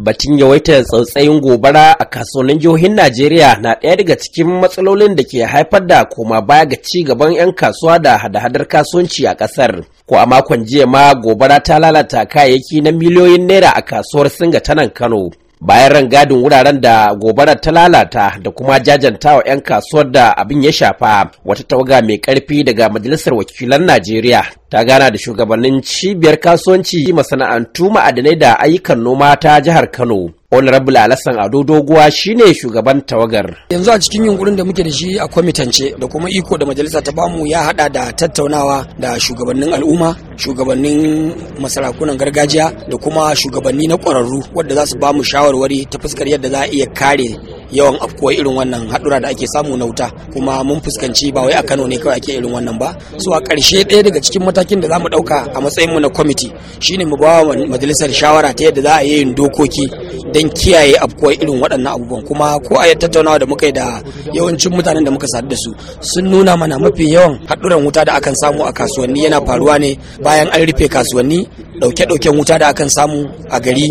Batun yawaitar tsautsayin gobara a kasuwannin jihohin Najeriya na ɗaya daga cikin matsalolin da ke haifar da koma baya ga ci gaban 'yan kasuwa da hada-hadar kasuwanci a ƙasar. Ko a makon jiya ma gobara ta lalata kayayyaki na miliyoyin naira a kasuwar Singa ta nan Kano. bayan rangadin wuraren da gobarar ta lalata da kuma jajantawa 'yan kasuwar da abin ya shafa wata tawaga mai karfi daga majalisar wakilan najeriya ta gana da shugabannin cibiyar kasuwanci masana'antu ma'adanai da ayyukan noma ta jihar kano honorable alassan ado doguwa shine shugaban tawagar yanzu a cikin yunkurin da muke da shi a kwamitance da kuma iko da majalisa ta bamu ya hada da tattaunawa da shugabannin al'umma shugabannin masarakunan gargajiya da kuma shugabanni na ƙwararru wadda za su ba mu shawarwari ta fuskar yadda za a iya kare yawan afkuwar irin wannan haɗura da ake samu na wuta kuma mun fuskanci ba wai a Kano ne kawai ake irin wannan ba so a ƙarshe ɗaya daga cikin matakin da za mu ɗauka a matsayin mu na kwamiti shine mu ba wa majalisar shawara ta yadda za a yin dokoki don kiyaye afkuwar irin waɗannan abubuwan kuma ko a tattaunawa da muka yi da yawancin mutanen da muka sadu da su sun nuna mana mafi yawan haɗuran wuta da akan samu a kasuwanni yana faruwa ne bayan an rufe kasuwanni ɗauke-ɗauken wuta da akan samu a gari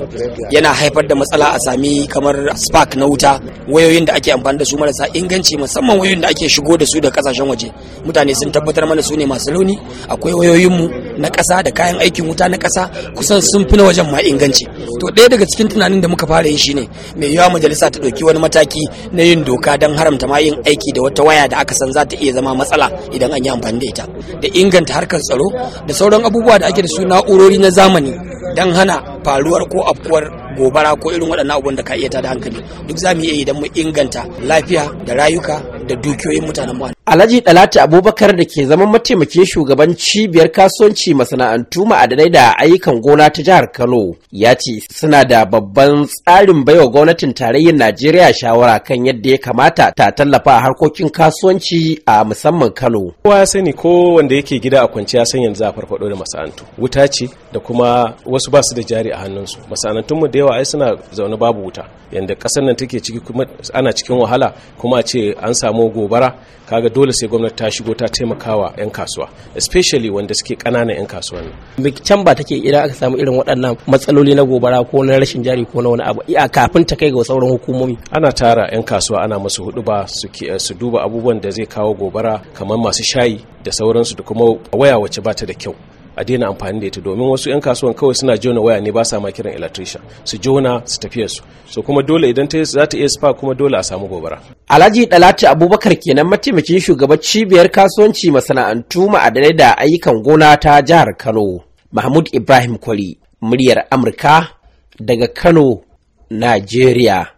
yana haifar da matsala a sami kamar spark na wuta wayoyin da ake amfani da su marasa inganci musamman wayoyin da ake shigo da su da kasashen waje mutane sun tabbatar mana su ne masu launi akwai wayoyinmu na ƙasa da kayan aikin wuta na ƙasa kusan sun fi na wajen ma inganci to ɗaya daga cikin tunanin da muka fara yi shine mai yawa majalisa ta ɗauki wani mataki na yin doka don haramta ma yin aiki da wata waya da aka san za ta iya zama matsala idan an yi amfani da ita da inganta harkar tsaro da sauran abubuwa da ake da su na'urori na zamani don hana faruwar ko afkuwar gobara ko irin waɗannan abun da ka iya tada hankali duk za mu iya idan mu inganta lafiya da rayuka da dukiyoyin mutanen mu Alhaji Dalatu Abubakar da ke zaman mataimakin shugaban cibiyar kasuwanci masana'antu ma'adanai da ayyukan gona ta jihar Kano ya ce suna da babban tsarin baiwa gwamnatin tarayyar Najeriya shawara kan yadda ya kamata ta tallafa a harkokin kasuwanci a musamman Kano. Kowa ya sani ko wanda yake gida a kwanci ya san yanzu a farfado da masana'antu. Wuta ce da kuma wasu ba su da jari a hannunsu. masana'antun mu da yawa ai suna zaune babu wuta. Yanda ƙasar nan take ciki kuma ana cikin wahala kuma a ce an samu samo gobara kaga dole sai gwamnati ta shigo ta taimakawa 'yan kasuwa especially wanda suke kananan 'yan kasuwa ne can ba take idan aka samu irin waɗannan matsaloli na gobara ko na rashin jari ko na wani abu a kafin ta kai ga sauran hukumomi ana tara 'yan kasuwa ana musu hudu ba eh, su duba abubuwan da zai kawo gobara kamar masu shayi da sauransu da kuma waya wacce ba ta da kyau a daina amfani da ita domin wasu 'yan kasuwan kawai suna jona waya ne ba sa ma kiran electrician su jona su tafiya su so kuma dole idan ta za ta iya spark kuma dole a samu gobara alhaji dalati abubakar kenan mataimakin shugaban cibiyar kasuwanci masana'antu ma'adanai da ayyukan gona ta jihar kano mahmud ibrahim kwari muryar amurka daga kano najeriya